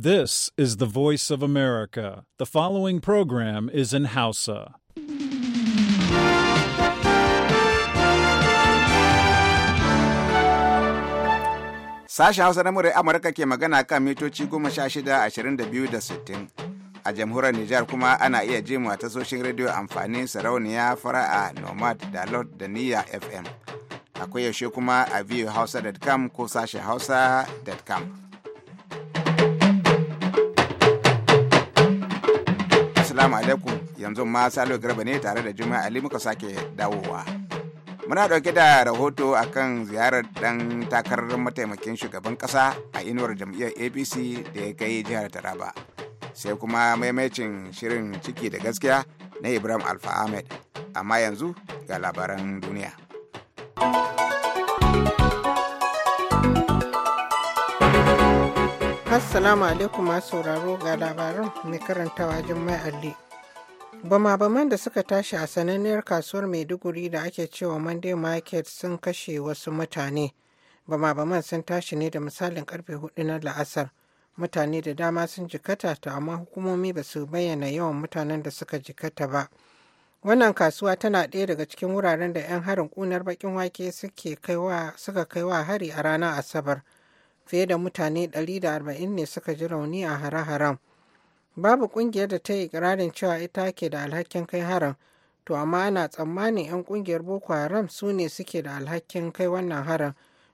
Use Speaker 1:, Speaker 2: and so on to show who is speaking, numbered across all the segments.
Speaker 1: This is
Speaker 2: the voice of America. The following program is in Hausa.
Speaker 3: Sashen Hausa na murai Amurka ke magana kan mitoci goma sha shida, ashirin da biyu da A jamhuriyar Nijar kuma ana iya jin tasoshin rediyo amfani sarauniya fara'a Nomad da Lord da Niyya FM. Akwai yaushe kuma a viewhausa.com ko sashen hausa.com. Assalamu alaikum yanzu ma Salo Garba ne tare da Juma'a Ali muka sake dawowa. Muna ɗauke da rahoto akan ziyarar ɗan takarar mataimakin shugaban ƙasa a inuwar jam'iyyar APC da ya kai jihar Taraba. Sai kuma maimacin shirin ciki da gaskiya na Ibrahim Alfa Ahmed. Amma yanzu ga labaran duniya.
Speaker 4: Assalamu alaikum masu sauraro ga labaran mai karantawa Jummai Ali. Bama-baman da suka tashi a sananniyar kasuwar Maiduguri da ake cewa Monday Market sun kashe wasu mutane. Bama-baman sun tashi ne da misalin karfe hudu na la'asar. Mutane da dama sun jikata ta amma hukumomi ba su bayyana yawan mutanen da suka jikata ba. Wannan kasuwa tana ɗaya daga cikin wuraren da 'yan harin kunar baƙin wake suka kai wa hari a ranar Asabar. fiye da mutane 140 ne suka ji rauni a hare-haren babu kungiyar da ta yi ikirarin cewa ita ke da alhakin kai haram to amma ana tsammanin 'yan kungiyar boko haram su ne suke da alhakin kai wannan haram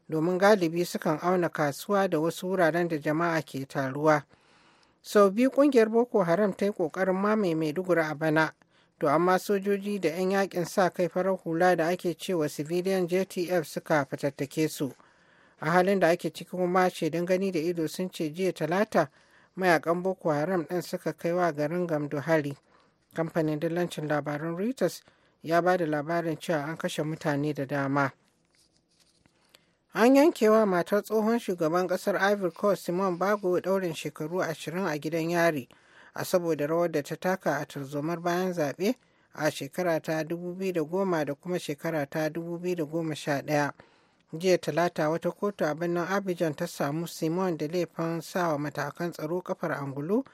Speaker 4: domin galibi sukan auna kasuwa da wasu wuraren da jama'a ke taruwa sau biyu kungiyar boko haram ta yi kokarin mamaye mai maiduguri a bana to amma sojoji da 'yan yakin sa kai farar hula da ake cewa civilian jtf suka fatattake su a halin da ake ciki kuma shaidan gani da ido sun ce jiya talata mayakan boko haram ɗin suka kai wa garin gamdo hari kamfanin dillancin labarun reuters ya ba da labarin cewa an kashe mutane da dama an yankewa matar tsohon shugaban kasar ivory coast simon bago daurin shekaru ashirin a gidan yari a saboda rawar da ta taka a tarzomar bayan zaɓe a shekara ta 2010 da kuma shekara ta 2011 jiya talata wata kotu a birnin abidjan ta samu simon da laifin sawa matakan tsaro kafar angulu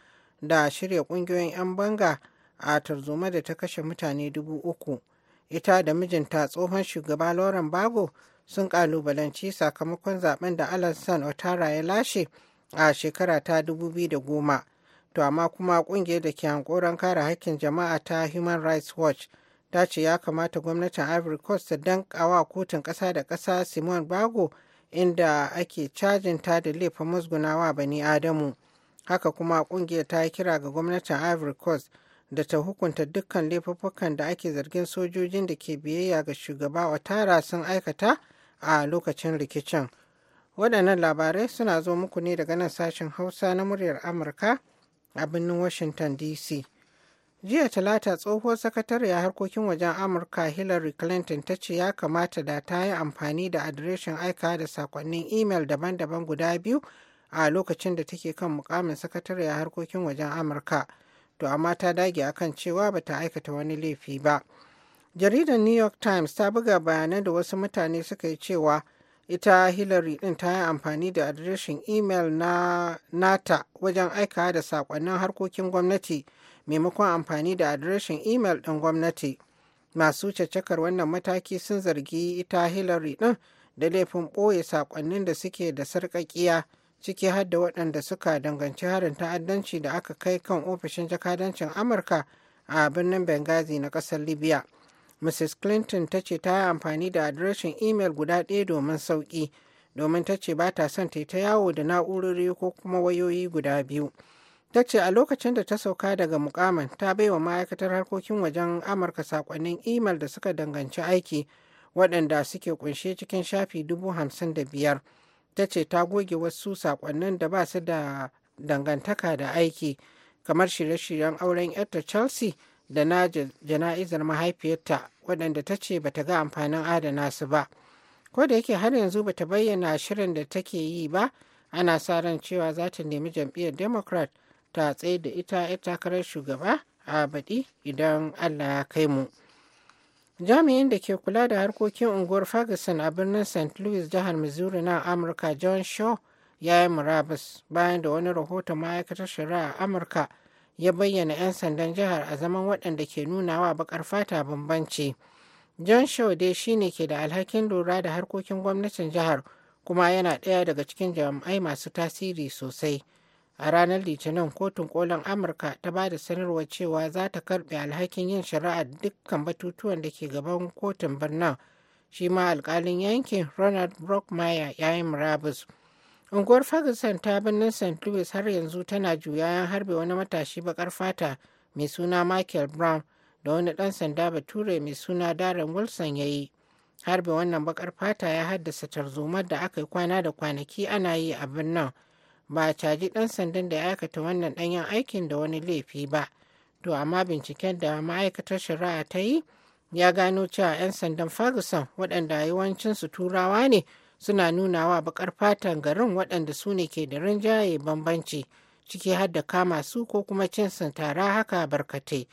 Speaker 4: da shirya kungiyoyin 'yan banga a tarzoma da ta kashe mutane dubu uku ita da mijinta tsohon shugaba lauren bago sun kalubalanci sakamakon zaben da alasan otara ya lashe a shekara ta dubu biyu da goma, to amma kuma kungiyar da ke hankoron kare haƙƙin jama'a ta human rights watch ta ce ya kamata gwamnatin ivory coast ta dankawa kotun ƙasa da ƙasa simon bago inda ake cajin ta da laifin musgunawa bani adamu haka kuma kungiyar ta yi kira ga gwamnatin ivory coast da ta hukunta dukkan laifuffukan da ake zargin sojojin da ke biyayya ga shugaba watara sun aikata a lokacin rikicin waɗannan labarai suna zo muku ne daga nan sashen hausa na muryar amurka a birnin washington dc jiya talata tsohuwar sakatariya harkokin wajen amurka hillary clinton ta ce ya kamata da ta yi amfani da adireshin aika da sakonnin imel daban-daban guda biyu a lokacin da take kan mukamin sakatariya harkokin wajen amurka to amma ta dage akan cewa bata aikata wani laifi ba jaridar new york times ta buga bayanan da wasu mutane suka yi cewa ita hillary din ta yi amfani da adireshin imel na nata wajen aika da sakonnin harkokin gwamnati maimakon amfani da adireshin imel ɗin gwamnati masu caccakar wannan mataki sun zargi ita hillary ɗin da laifin ɓoye saƙonnin da suke da sarƙaƙiya ciki har da waɗanda suka danganci harin ta'addanci da aka kai kan ofishin jakadancin amurka a birnin benghazi na ƙasar libya mrs clinton ta ce ta yi amfani da adireshin imel guda ɗaya domin sauƙi domin ta ce ba ta son ta yawo da na'urori ko kuma wayoyi guda biyu ta ce a lokacin da ta sauka daga mukamin ta bai wa ma'aikatar harkokin wajen amurka sakonnin imel da suka danganci aiki waɗanda suke kunshe cikin shafi dubu hamsin da biyar ta ce ta goge wasu sakonnin da ba su da dangantaka da aiki kamar shirye-shiryen auren yarta chelsea da na jana'izar mahaifiyarta waɗanda ta ce ba ta ga amfanin adana su ba ko da yake har yanzu bata bayyana shirin da take yi ba ana sa ran cewa za ta nemi jam'iyyar democrat ta tsaye da ita ya takarar shugaba a baɗi idan allah ya kai mu jami'in da ke kula da harkokin unguwar ferguson a birnin st louis jihar missouri na amurka john shaw ya yi murabus bayan da wani rahoton ma'aikatar shari'a a amurka ya bayyana 'yan sandan jihar a zaman waɗanda ke nuna wa bakar fata bambanci john shaw dai shine ke da alhakin lura da harkokin gwamnatin jihar kuma yana ɗaya daga cikin jami'ai masu tasiri sosai a ranar litinin kotun kolin amurka ta ba da sanarwar cewa za ta karbe alhakin yin shari'a dukkan batutuwan da ke gaban kotun birnin shi ma alkalin yankin ronald brockmeyer ya yi murabus unguwar ferguson ta birnin st louis har yanzu tana juyayen harbe wani matashi bakar fata mai suna michael brown da wani dan sanda bature mai suna darren wilson ya yi harbe wannan bakar fata ya haddasa tarzomar da aka yi kwana da kwanaki ana yi a birnin ba a caji ɗan sandan da ya aikata wannan ɗanyen aikin da wani laifi ba to amma binciken da ma'aikatar shari'a ta yi ya gano cewa 'yan sandan ferguson waɗanda yawancinsu turawa ne suna nuna wa bakar fatan garin waɗanda su ne ke da rinjaye bambanci ciki har da kama su ko kuma cin tara haka barkatai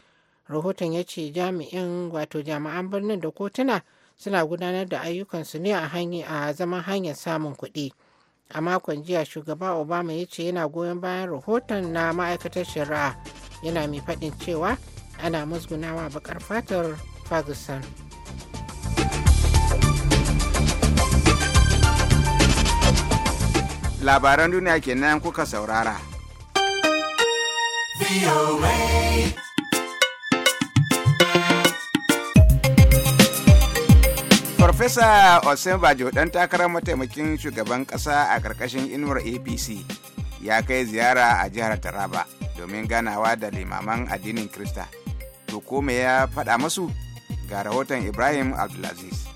Speaker 4: rahoton ya ce jami'in wato jami'an birnin da kotuna suna gudanar da ayyukansu ne a zaman hanyar samun kuɗi. a makon jiya shugaba obama ya ce yana goyon bayan rahoton na ma'aikatar shari'a yana mai faɗin cewa ana musgunawa bakar fatar ferguson
Speaker 3: labaran duniya kenan kuka saurara. Farfesa Osen Bajo ɗan takarar mataimakin shugaban ƙasa a ƙarƙashin inuwar APC ya kai ziyara a jihar Taraba domin ganawa da limaman addinin Krista. To ko me ya faɗa masu ga rahoton Ibrahim Abdulaziz.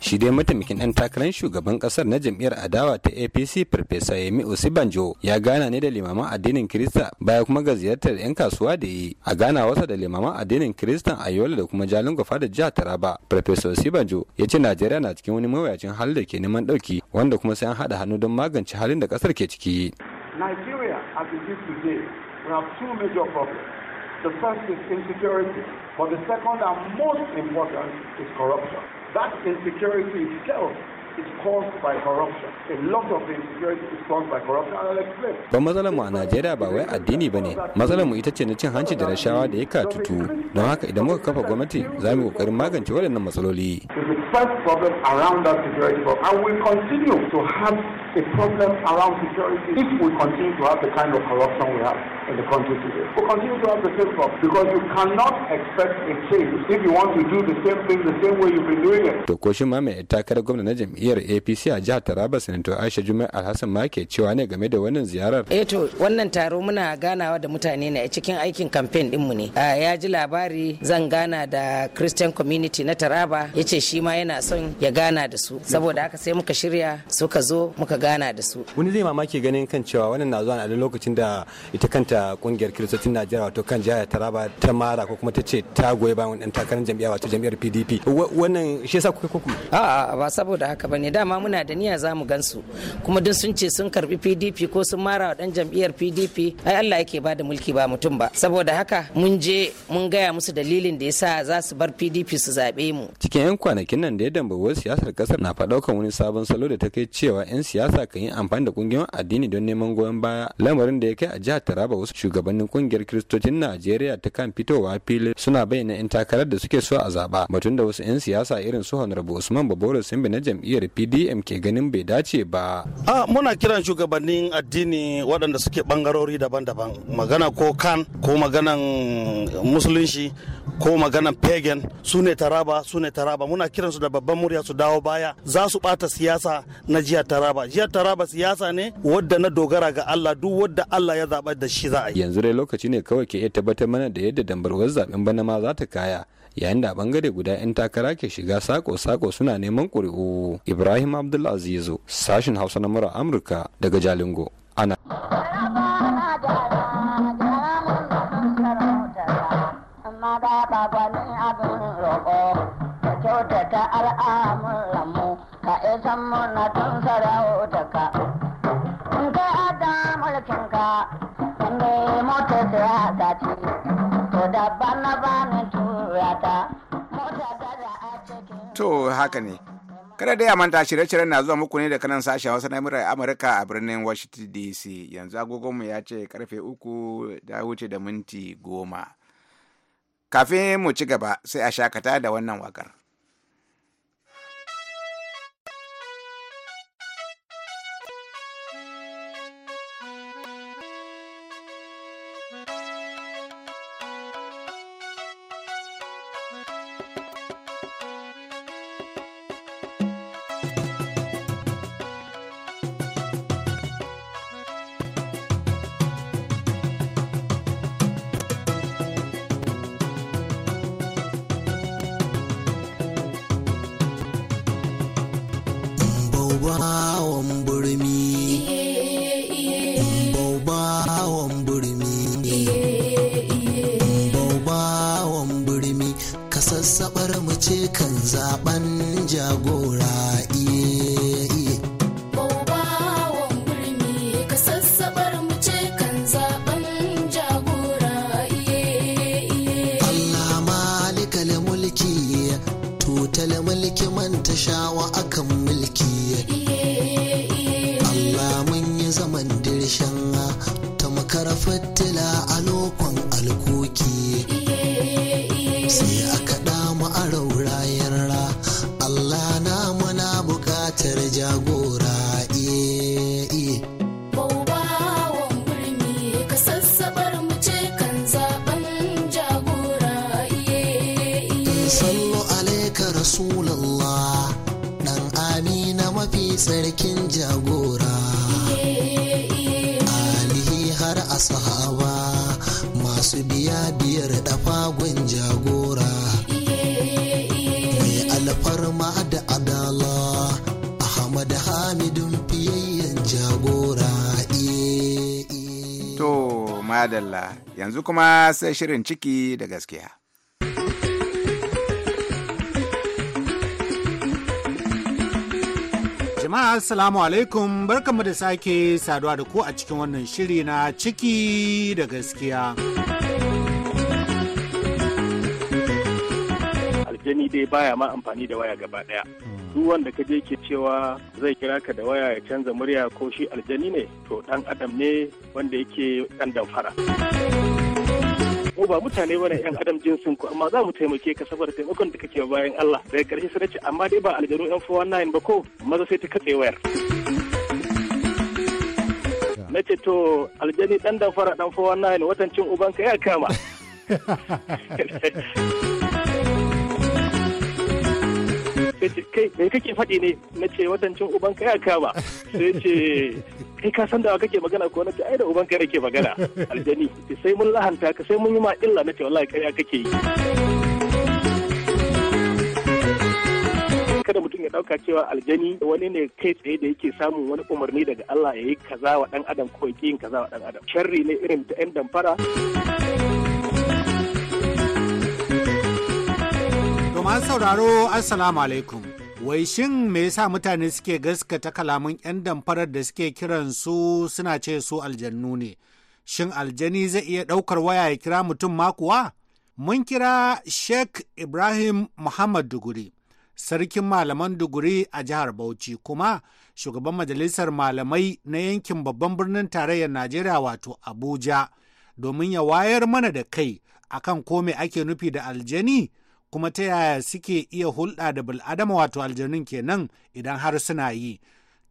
Speaker 3: shi dai mataimakin ɗan takarar shugaban ƙasar na jam'iyyar
Speaker 5: adawa ta apc farfesa yemi osibanjo ya gana ne da limaman addinin kirista baya kuma ga ziyartar 'yan kasuwa da yi a gana wasa da limaman addinin Kirista a yola da kuma jalin gwafa da jihar taraba farfesa osibanjo ya ce najeriya na cikin wani mawuyacin hali da ke neman ɗauki wanda kuma sai an haɗa hannu don magance halin da ƙasar ke ciki.
Speaker 1: Nigeria as it is today, we have two major problems. The first is insecurity, but the second and most important is corruption. That insecurity itself is caused by corruption. A lot of insecurity is caused by corruption and I'll explain.
Speaker 5: Ba matsalar mu a Najeriya ba wai addini ba ne Matsalar mu ita ce na cin hanci da rashawa da ya katutu. Don haka idan muka kafa gwamnati za mu kokarin magance waɗannan matsaloli.
Speaker 3: It's the first problem around that security problem and we continue to have a problem around security if we continue to have the kind of corruption we have in the country today. we continue to have the same problem because you cannot expect a change if you want to do the
Speaker 4: same thing the same way you've been doing
Speaker 5: it. To ko shin ma mai takarar gwamna na jam'iyyar APC a jihar Taraba Sanato Aisha juma Alhassan ma ke cewa ne game da wannan ziyarar. Eh to
Speaker 4: wannan taro muna ganawa da mutane ne a cikin aikin campaign dinmu ne. Ah, ya ji labari zan gana da Christian community
Speaker 6: na Taraba yace shi ma yana son ya gana da su saboda haka sai muka shirya suka zo muka gana da su
Speaker 5: wani zai mamaki ganin kan cewa wannan na zuwa a lokacin da ita kanta kungiyar kiristocin najeriya wato kan jihar taraba ta mara ko kuma ta ce ta goyi bayan wani takarar jam'iyya wato jam'iyyar pdp wannan shi yasa kuka
Speaker 4: a a'a ba saboda haka bane dama muna da niyya zamu mu gansu kuma duk sun ce sun karbi pdp ko sun mara wa dan jam'iyyar pdp ai allah yake bada mulki
Speaker 6: ba mutum ba saboda haka mun je mun gaya musu dalilin da yasa za su bar pdp su zaɓe mu
Speaker 5: cikin 'yan kwanakin nan da ya wasu siyasar kasar na faɗaukan wani sabon salo da ta kai cewa 'yan siyasa siyasa kan yi amfani da kungiyoyin addini don neman goyon baya lamarin da ya kai a jihar Taraba wasu shugabannin kungiyar Kiristocin Najeriya ta kan fitowa fili suna bayyana 'yan takarar da suke so a zaba batun da wasu 'yan siyasa irin su Honorable Usman Baboro Simbi na jam'iyyar PDM ke ganin bai dace
Speaker 7: ba. A muna kiran shugabannin addini waɗanda suke bangarori daban-daban magana ko kan ko maganan musulunci ko maganan pagan su ne taraba su ne taraba muna kiransu da babban murya su dawo baya za su bata siyasa na jihar taraba kwanciyar taraba siyasa ne wadda na dogara ga Allah duk wadda Allah ya zaba da shi za a yi
Speaker 5: yanzu dai lokaci ne kawai ke iya tabbatar mana da yadda dambarwar zaben bana ma za ta kaya yayin da bangare guda 'yan takara ke shiga sako-sako suna neman ƙuri'u ibrahim abdulazizu sashen hausa na mura amurka daga jalingo ana amma ba
Speaker 6: muna tun in kai ada mota siyasa ce to dabba na bani mota
Speaker 3: da a cikin to haka ne kada a manta shirye-shiryen na zuwa muku ne da kanan sashen wasu na murar amurka a birnin washington dc yanzu agogonmu ya ce karfe uku da wuce da minti goma kafin mu ci gaba sai a shakata da wannan wakar madalla yanzu kuma sai shirin ciki da gaskiya. Jama'a Assalamu
Speaker 2: alaikum barkanmu da sake saduwa da ku a cikin wannan shiri na ciki da gaskiya. Aljani
Speaker 7: dai baya ma amfani da waya gaba ɗaya. duk wanda ka je ke cewa zai kira ka da waya ya canza murya ko shi aljani ne to dan adam ne wanda yake dan damfara mu ba mutane bane yan adam jinsin ku amma za mu taimake ka saboda taimakon da kake bayan Allah daga karshe sai ce amma dai ba aljanu yan yin ba ko maza sai ta katse wayar na ce to aljani dan damfara dan 419 watancin ubanka ya kama sai ce kai me kake faɗi ne na ce watancin uban kai aka ba sai ce kai ka san da kake magana ko na ce ai da uban kai nake magana aljani sai mun lahanta ka sai mun yi ma illa na ce wallahi kai kake yi kada mutum ya ɗauka cewa aljani wani ne kai tsaye da yake samun wani umarni daga Allah ya yi kaza wa dan adam ko yake yin kaza wa dan adam sharri ne irin ta yan damfara
Speaker 2: Masu sauraro Assalamu alaikum. Wai shin me yasa mutane suke gaskata kalaman 'yan damfarar da suke kiran su suna ce su aljannu ne? Shin aljani zai iya ɗaukar waya ya kira mutum makuwa Mun kira Sheikh Ibrahim Muhammad Duguri, sarkin malaman Duguri a jihar Bauchi kuma shugaban majalisar malamai na yankin babban birnin tarayyar Najeriya wato Abuja, domin ya wayar mana da kai akan ko me ake nufi da aljani. kuma ta yaya suke iya hulɗa da bil'adama wato aljanun kenan idan har suna yi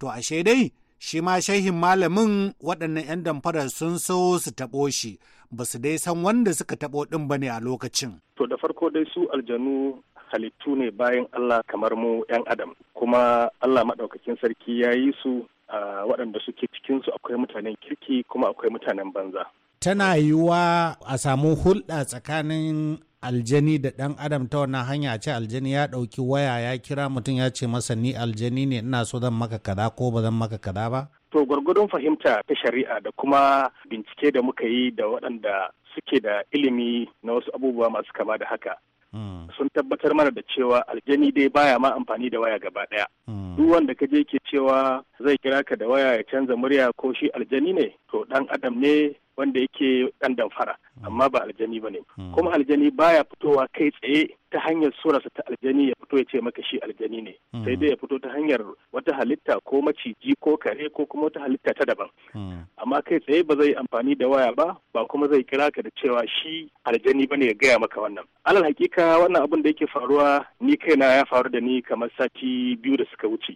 Speaker 2: to ashe dai shi ma shehin malamin waɗannan 'yan damfara sun so su taɓo shi ba su dai san wanda suka taɓo ɗin ba ne a lokacin.
Speaker 7: To da farko dai su aljanu halittu ne bayan Allah kamar mu 'yan adam kuma Allah maɗaukakin sarki ya yi su a waɗanda suke cikinsu akwai mutanen kirki kuma akwai mutanen banza.
Speaker 2: tana yiwuwa a samu hulɗa tsakanin aljani da ɗan adam ta wannan hanya ce aljani ya ɗauki waya ya kira mutum ya ce masa ni aljani ne ina so zan maka kaza ko ba zan maka kaza ba
Speaker 7: to gwargwadon fahimta ta shari'a da kuma bincike da muka yi da waɗanda suke da ilimi na wasu abubuwa masu kama da haka hmm. sun tabbatar mana da cewa aljani dai baya ma amfani da waya gaba ɗaya hmm. duk wanda ka je ke cewa zai kira ka da waya ya canza murya ko shi aljani ne to ɗan adam ne wanda yake ɗan damfara amma ba aljani ba ne hmm. kuma aljani baya fitowa kai tsaye ta hanyar surarsa ta aljani ya fito ya ce maka shi aljani ne hmm. sai dai ya fito ta hanyar wata halitta ko maciji ko kare ko kuma wata halitta ta daban hmm. amma kai tsaye ba zai amfani da waya ba ba kuma zai kira ka da cewa shi aljani ba ne ya gaya maka wannan alal hakika wannan abun da yake faruwa ni kaina ya faru da ni kamar sati biyu da suka wuce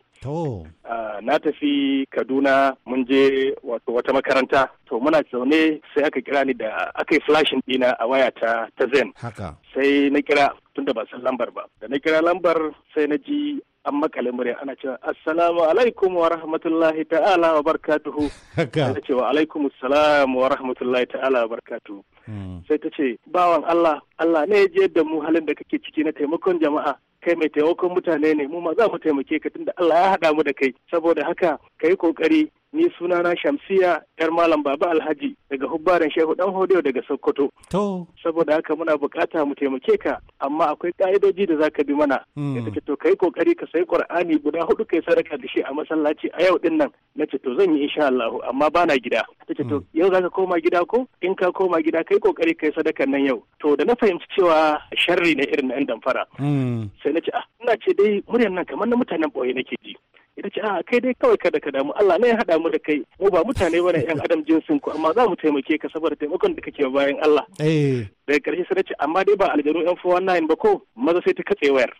Speaker 7: ah, na tafi kaduna mun je wato wata makaranta to muna zaune sai aka kira ni da aka yi flashin dina a waya ta ta zen haka sai na kira tunda ba san lambar ba da na kira lambar sai na ji an makale murya ana cewa assalamu alaikum wa rahmatullahi ta'ala wa barkatuhu
Speaker 1: ana cewa
Speaker 7: alaikum assalam wa rahmatullahi ta'ala wa barkatuhu Hmm. sai ta ce bawan Allah Allah ne ya je da mu halin da kake ciki na taimakon jama'a kai mai taimakon mutane ne mu ma za mu taimake ka tunda Allah ya haɗa mu da kai saboda haka kayi kokari ni na Shamsiya yar malam Baba Alhaji daga Hubbaran Shehu Dan Hodeo daga Sokoto to saboda haka muna bukata mu taimake ka amma akwai ka'idoji da zaka bi mana hmm. sai ce to kai kokari ka sai Qur'ani guda hudu kai sadaka da shi a masallaci a yau din nan nace to zan yi insha Allah amma bana gida tace to hmm. yau zaka koma gida ko in ka koma gida kai kokari kai sadakan nan yau to da na fahimci cewa sharri ne irin na yan damfara hmm. sai na ce ah ina ce dai muryan nan kamar na mutanen boye nake ji ita ce a ah, kai dai kawai kada ka damu Allah ne ya haɗa mu da kai mu ba mutane bane yan adam jinsin ku amma za mu taimake ka saboda taimakon da kake bayan Allah eh. daga karshe sai ce amma dai ba aljanu yan 419 ba ko maza sai ta katse wayar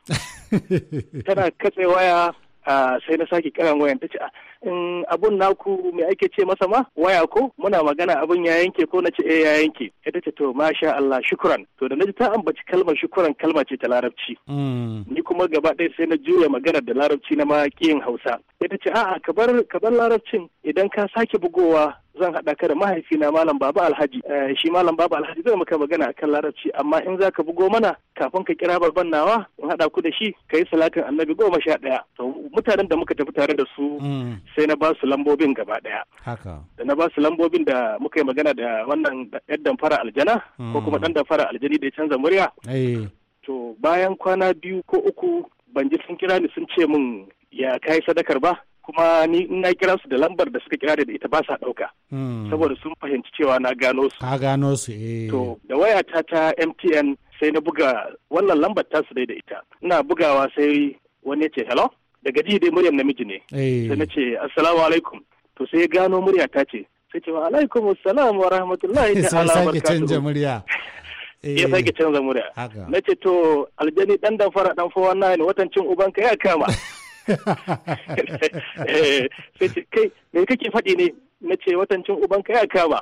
Speaker 7: tana katse waya sai na sake kiran wayan ta ce ah, in abun naku mai ake ce masa ma waya ko muna magana abun ya yanke ko na ce eh ya yanke ita ce to masha Allah shukran to da naji ta ambaci kalmar shukran kalma ce ta larabci
Speaker 1: mm.
Speaker 7: ni kuma gaba ɗaya sai na juya maganar da larabci na ma Hausa ita ce a'a ka bar ka bar larabcin idan ka sake bugowa zan haɗa ka da mahaifina malam baba alhaji eh, shi malam baba alhaji zai maka magana akan larabci amma in za ka bugo mana kafin ka kira babban nawa haɗa ku da shi ka yi salatin annabi goma sha ɗaya to mutanen da muka tafi tare da su mm. sai na ba su lambobin gaba ɗaya da na ba su lambobin da muka yi magana da wannan ɗan fara aljana ko mm. kuma ɗan damfara aljani da ya canza murya eh. to bayan kwana biyu ko uku ban ji sun kira ni sun ce min ya kai sadakar ba kuma ni in na kira su da lambar da suka kira da ita ba sa ɗauka.
Speaker 2: Mm. Saboda
Speaker 7: sun fahimci cewa na gano su.
Speaker 2: Ka gano su eh. To
Speaker 7: da wayata ta MTN sai na buga wannan lambar tasu dai da ita ina bugawa sai wani ce hello daga ji dai muryar namiji ne eh. sai na ce assalamu alaikum to sai gano murya ta ce sai ce wa alaikum assalam wa rahmatullahi ta'ala wa barakatuhu canja murya
Speaker 2: ya sake canza murya na
Speaker 7: ce to aljani dan dan fara dan fowa na ne watan cin ubanka ya kama eh, sai ce kai me kake faɗi ne na ce watan cin ubanka ya kama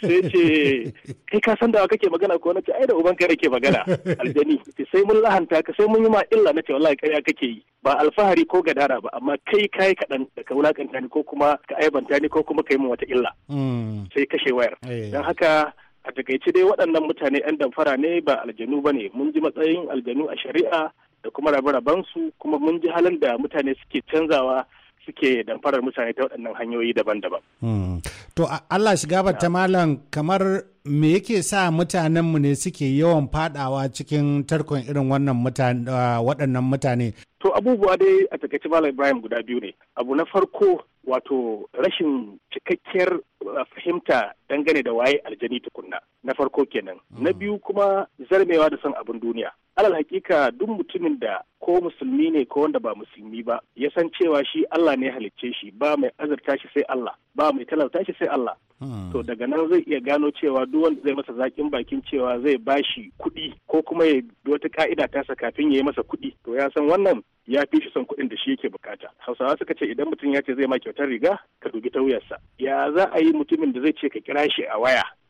Speaker 7: sai ce kai ka san da kake magana ko nace ai da uban kai nake magana aljani sai mun lahanta ka sai mun yi ma illa nace wallahi kai kake yi ba alfahari ko gadara ba amma kai kai kaɗan da ka wulakanta ni ko kuma ka aibanta ni ko kuma kai min wata illa mm. sai kashe wayar eh. dan haka a takaice dai waɗannan mutane 'yan damfara ne ba aljanu ba ne mun ji matsayin aljanu a shari'a da kuma rabe-rabensu kuma mun ji halin da mutane suke canzawa suke damfarar mutane ta waɗannan hanyoyi daban-daban.
Speaker 2: Hmm. To Allah shiga ta malam kamar me yake sa mutanen mu ne suke yawan fadawa cikin tarkon irin wannan ah, waɗannan mutane?
Speaker 7: To abubuwa dai a takaice malam Ibrahim guda biyu ne. Abu na farko wato rashin cikakkiyar uh, fahimta dangane da waye aljani tukunna na farko kenan na mm. biyu kuma zarmewa da son abin duniya alal hakika duk mutumin da ko musulmi ne ko wanda ba musulmi ba ya san cewa shi Allah ne halicce shi ba mai azurta shi sai Allah ba mai talauta shi sai Allah Hmm. to daga nan zai iya gano cewa duk wanda zai masa zakin bakin cewa zai bashi kuɗi ko kuma ya wata ka'ida tasa kafin ya yi masa kuɗi to ya san wannan ya fi shi son kuɗin da shi yake bukata hausawa suka ce idan mutum ya ce zai ma kyautar riga ka dubi ta wuyarsa ya za a yi mutumin da zai ce ka kira shi a waya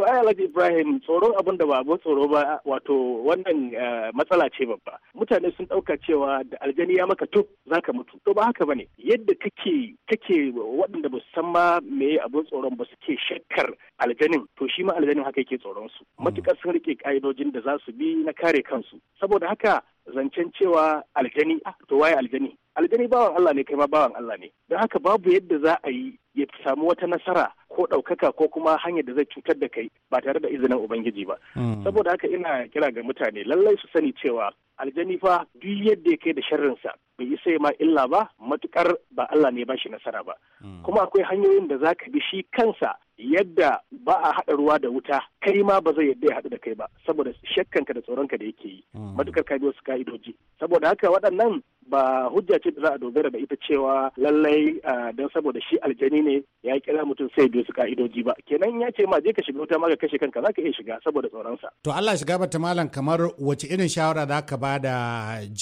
Speaker 7: to ai alhaji ibrahim tsoro abin da ba abu tsoro ba wato wannan eh, matsala ce babba mutane sun ɗauka cewa da aljani ya maka to zaka mutu to ba haka bane yadda kake kake waɗanda ba su san ma me abin tsoron ba suke shakkar aljanin to shi ma aljanin haka yake tsoron su mm. matukar sun rike ka'idojin da za su bi na kare kansu saboda haka zancen cewa aljani ah, to waye aljani aljani bawan Allah ne kai ma bawan Allah ne don haka babu yadda za a yi ya samu wata nasara ko ɗaukaka ko kuma hanyar da zai cutar da kai ba tare da izinin ubangiji ba hmm. saboda haka ina kira ga mutane lallai su sani cewa aljani fa duk yadda ya kai da sharrinsa bai yi sai ma illa ba matukar ba Allah ne ba shi nasara ba hmm. kuma akwai hanyoyin da za ka bi shi kansa yadda ba a haɗa ruwa da wuta kai ma ba zai yadda ya haɗu da kai ba saboda shakkanka da tsoronka da yake yi mm. matukar ka biyo su ka'idoji saboda haka waɗannan ba hujja ce da za a dogara da ita cewa lallai don saboda shi aljani ne ya kira mutum sai biyu su ka'idoji ba kenan ya ce ma je ka shiga wuta ma ka kashe kanka za ka iya shiga saboda tsoronsa.
Speaker 2: to Allah shiga bata malam kamar wace irin shawara za ka ba da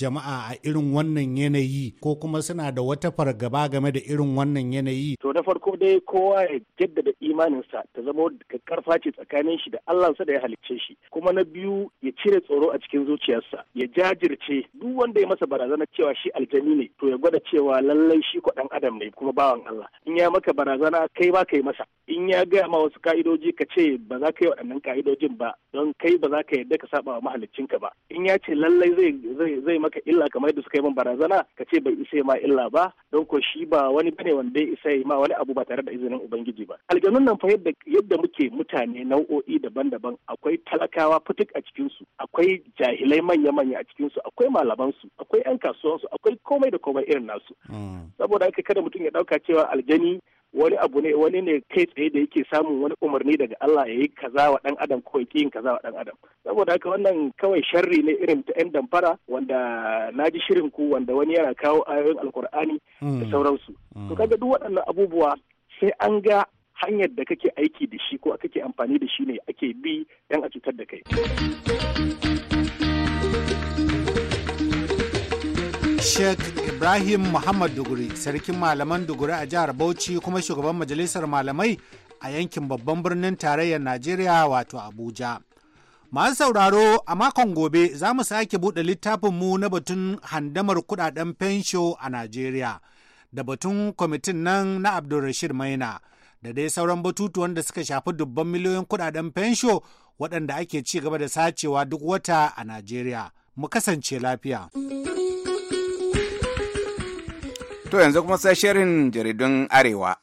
Speaker 2: jama'a a irin wannan yanayi ko kuma suna da wata fargaba game da irin wannan yanayi.
Speaker 7: to na farko dai kowa ya jaddada imaninsa ta zama karfa ce tsakanin shi shi da Allahnsa da ya halicce shi kuma na biyu ya cire tsoro a cikin zuciyarsa ya jajirce duk wanda ya masa barazana cewa shi aljani ne to ya gwada cewa lallai shi ko dan adam ne kuma bawan Allah in ya maka barazana kai ba kai masa in ya ga ma wasu ka'idoji ka ce ba za ka yi waɗannan ka'idojin ba don kai ba za ka yadda ka saba wa mahaliccinka ba in ya ce lallai zai zai zai maka illa kamar yadda suka yi min barazana ka ce bai isa ma illa ba don ko shi ba wani bane wanda ya isa ma wani abu ba tare da izinin ubangiji ba aljanun nan fa yadda yadda muke mutane nau'o'i daban-daban akwai talakawa fitik a cikinsu akwai jahilai manya-manya a cikinsu akwai malamansu akwai 'yan kasuwansu akwai komai da komai irin nasu hmm. saboda haka kada mutum ya ɗauka cewa aljani wani abu ne wani ne kai tsaye da yake samun wani umarni daga Allah ya yi kaza wa dan adam ko yake yin kaza wa dan adam saboda haka wannan kawai sharri ne irin ta yan damfara wanda na ji shirin ku wanda wani yana kawo ayoyin alkur'ani da hmm. sauransu to hmm. kaga duk waɗannan abubuwa sai an ga hanyar da kake aiki da shi ko kake amfani
Speaker 2: da shi ne ake bi don a cutar da kai. Sheikh Ibrahim Muhammad Duguri, sarkin malaman Duguri a jihar Bauchi kuma shugaban majalisar malamai a yankin babban birnin tarayyar Najeriya wato Abuja. Masu sauraro a makon gobe za mu sake buɗe littafinmu na batun handamar kudaden fensho a Najeriya da batun kwamitin nan na Abdulrashid Maina. da dai sauran batutuwan da suka shafi dubban miliyoyin kuɗaɗen fensho waɗanda ake ci gaba da sacewa duk wata a Najeriya. Mu
Speaker 3: kasance lafiya. To yanzu kuma sai shirin jaridun Arewa.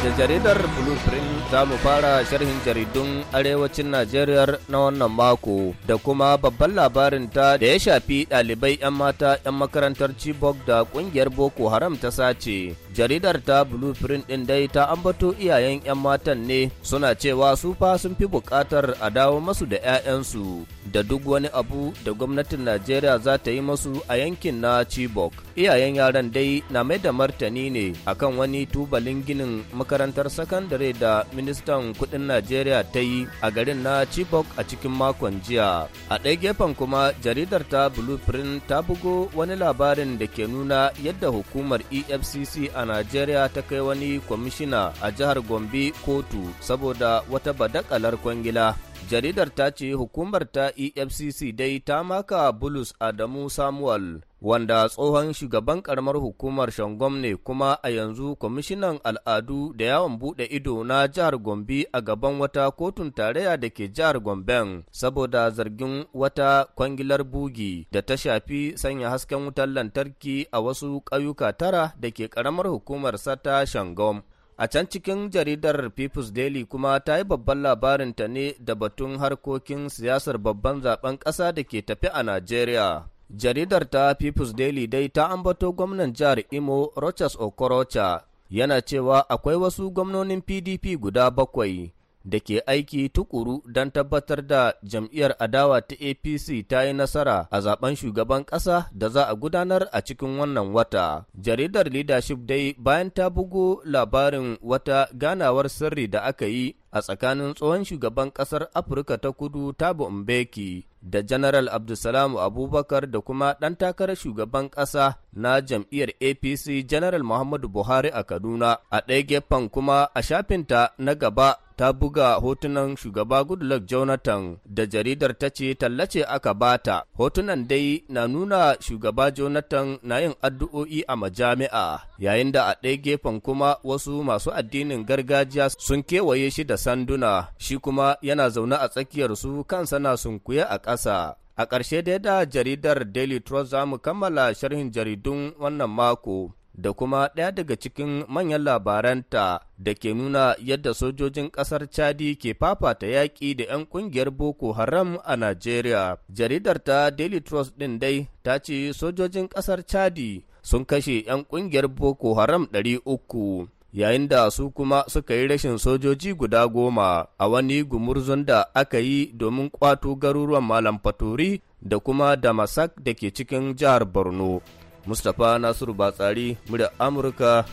Speaker 8: Da jaridar Blueprint za mu fara sharhin jaridun arewacin Najeriya na wannan mako da kuma babban labarin ta da ya shafi ɗalibai 'yan mata 'yan makarantar Chibok da ƙungiyar Boko Haram ta sace. Jaridar ta Blueprint ɗin dai ta ambato iyayen 'yan matan ne suna cewa su fa sun fi buƙatar a dawo masu da 'ya'yansu da duk wani abu da gwamnatin Najeriya za ta yi masu a yankin na Chibok. Iyayen yaran dai na mai da martani ne akan wani tubalin ginin makarantar sakandare da ministan kudin Najeriya ta yi a garin na Chibok a cikin makon jiya. A ɗaya gefen kuma jaridar ta Blueprint ta bugo wani labarin da ke nuna yadda hukumar EFCC a Najeriya ta kai wani kwamishina a jihar Gombe kotu saboda wata badakalar kwangila. Jaridar ta ce hukumar ta EFCC dai ta maka Bulus Adamu Samuel, wanda tsohon shugaban karamar hukumar Shangom ne kuma a yanzu kwamishinan al'adu da yawon buɗe ido na jihar Gombe a gaban wata kotun tarayya da ke jihar Gomben saboda zargin wata kwangilar bugi da ta shafi sanya hasken wutar lantarki a wasu ƙauyuka tara da ke karamar hukumar sata Shangom. A can cikin jaridar People's Daily kuma ta yi babban labarin ta ne da batun harkokin siyasar babban zaben ƙasa da ke tafi a Najeriya. Jaridar ta People's Daily dai ta ambato gwamnan jihar Imo Rochas Okorocha yana cewa akwai wasu gwamnonin PDP guda bakwai da ke aiki tukuru don tabbatar da jam'iyyar adawa ta APC ta yi nasara a zaben shugaban ƙasa da za a gudanar a cikin wannan wata. Jaridar Leadership dai bayan ta bugo labarin wata ganawar sirri da aka yi a tsakanin tsohon shugaban ƙasar Afirka ta kudu tabo Mbeki da General Abdulsalam Abubakar da kuma ɗan takarar shugaban ƙasa na jam'iyyar APC General Muhammadu Buhari a Kaduna. A ɗaya gefen kuma a shafinta na gaba ta buga hotunan shugaba Goodluck Jonathan da jaridar ta ce tallace aka bata. Hotunan dai na nuna shugaba Jonathan na yin addu'o'i a majami'a, yayin da a ɗaya gefen kuma wasu masu addinin gargajiya sun kewaye shi da sanduna shi kuma yana zaune a tsakiyar su kansa na sunkuye a ƙasa a ƙarshe dai da jaridar daily trust za mu kammala sharhin jaridun wannan mako da kuma ɗaya daga cikin manyan labaranta da ke nuna yadda sojojin ƙasar Chadi ke fafata yaƙi da 'yan ƙungiyar Boko Haram a Najeriya. Jaridar ta Daily Trust ɗin dai ta ce sojojin ƙasar Chadi sun kashe 'yan ƙungiyar Boko Haram 300. yayin da su kuma suka yi rashin sojoji guda goma a wani gumurzun da aka yi domin kwato garuruwan Malam Faturi da kuma Damasak da ke cikin jihar Borno. Mustapha Nasiru Batsari, murya Amurka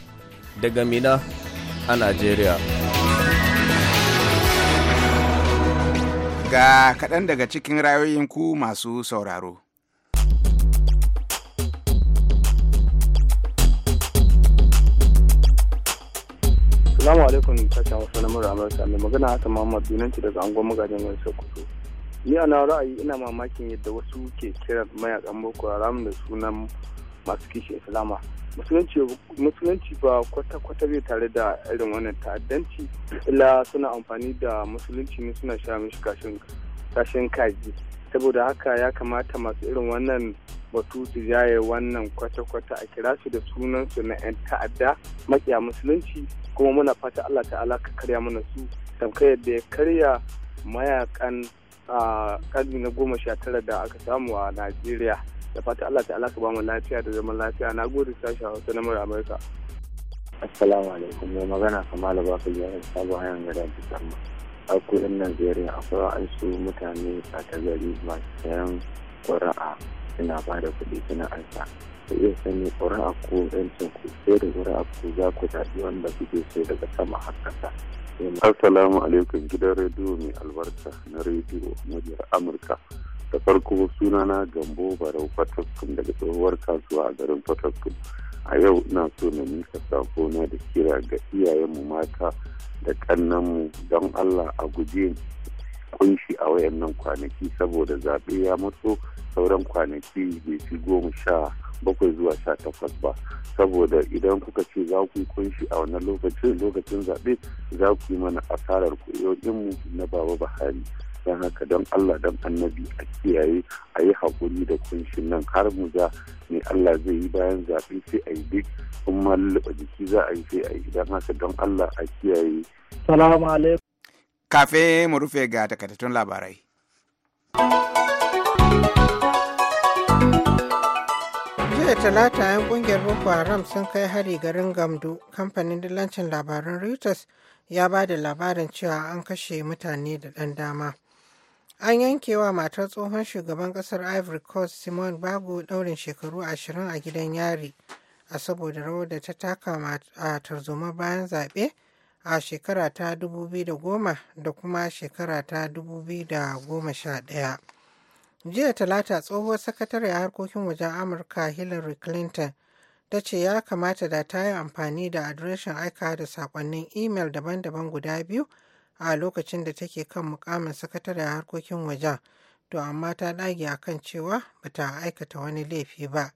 Speaker 8: daga Mina a Najeriya. Ga kaɗan daga
Speaker 3: cikin rayoyin ku masu sauraro. Assalamu alaikum
Speaker 7: sashen wasu na mura Amurka mai magana haka Muhammad Binanci daga angon magajin wani Sokoto. Ni a na ra'ayi ina mamakin yadda wasu ke kiran mayakan Boko Haram da sunan masu kishi Islama. Musulunci ba kwata-kwata bai tare da irin wannan ta'addanci illa suna amfani da musulunci ne suna sha mishi kashin kaji. Saboda haka ya kamata masu irin wannan batutu ya jaye wannan kwata-kwata a kira su da sunansu na 'yan ta'adda makiya musulunci kuma muna fata Allah ta'ala ka karya mana su tamkar yadda ya karya mayakan a karni na goma sha tara da aka samu a Najeriya da fata Allah ta'ala ka ba mu lafiya da zaman lafiya na gode sashi hausa na mara Amurka.
Speaker 5: Assalamu alaikum mai magana Kamalu yi Yayin sabu hanyar Gada sama A kudin Najeriya akwai wa'ansu mutane a tagari masu sayan ƙuri'a suna ba da kuɗi suna ansa ku iya
Speaker 7: sani a ku yancin ku sai da a ku za ku zaɓi wanda kuke so daga sama har
Speaker 2: ƙasa. Assalamu alaikum gidan rediyo mai albarka na rediyo muryar Amurka. Da farko sunana Gambo Barau Fatakun daga tsohuwar kasuwa a garin Fatakun. A yau ina so na mika sako na da kira ga iyayenmu mata da ƙannanmu don Allah a guje kunshi a wayannan kwanaki saboda zaɓe ya matso sauran kwanaki bai fi goma sha bakwai zuwa sha takwas ba saboda idan kuka ce za ku kunshi a wannan lokacin lokacin zaɓe za ku yi mana asarar mu na baba buhari don haka don allah don annabi a kiyaye a yi haƙuri da kunshin nan har mu ga ne allah zai yi bayan zaɓe sai a yi duk kuma jiki za a yi sai a yi don haka don allah a kiyaye
Speaker 3: salamu alaikum Kafe mu rufe ga takaitattun labarai.
Speaker 4: jiya talata yan kungiyar boko haram sun kai hari garin gamdu kamfanin dillancin labaran reuters ya ba da labarin cewa an kashe mutane da ɗan dama an yankewa matar tsohon shugaban ƙasar ivory coast simon bago ɗaurin shekaru ashirin a gidan yari a saboda rawar da ta taka a tarzoma bayan zaɓe a shekara ta 2010 da kuma shekara ta 2011. jiya talata tsohuwar sakatare a harkokin wajen amurka hillary clinton ta ce ya kamata da ta yi amfani da adireshin aika da sakonnin imel daban-daban guda biyu a lokacin da take kan mukamin sakatare a harkokin wajen to amma ta dage a kan cewa ba ta aikata wani laifi ba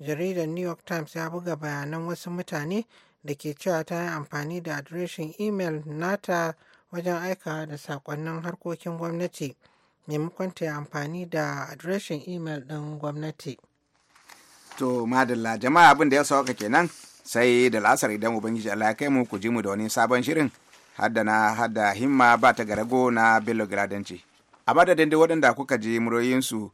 Speaker 4: jaridar new york times ya buga bayanan wasu mutane da ke cewa ta yi amfani da adireshin imel nata wajen aika da sakonnin harkokin gwamnati maimakon ta yi amfani da adireshin imel ɗin gwamnati.
Speaker 3: To madalla jama'a abin da ya sauka kenan sai da lasar idan ubangiji Allah ya kai mu ku ji mu da wani sabon shirin hadda na hadda himma ba ta garago na Bello Gradanci. A madadin da waɗanda kuka ji muroyinsu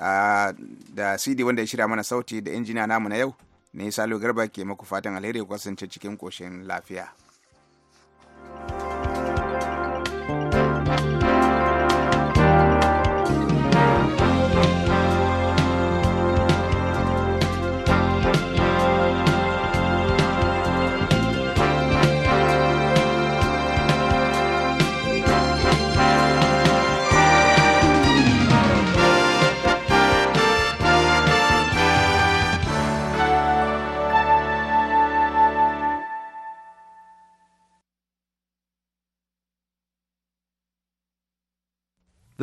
Speaker 3: ah, da CD wanda ya shirya mana sauti da injiniya namu na yau. ne salo garba ke muku fatan alheri ku kasance cikin koshin lafiya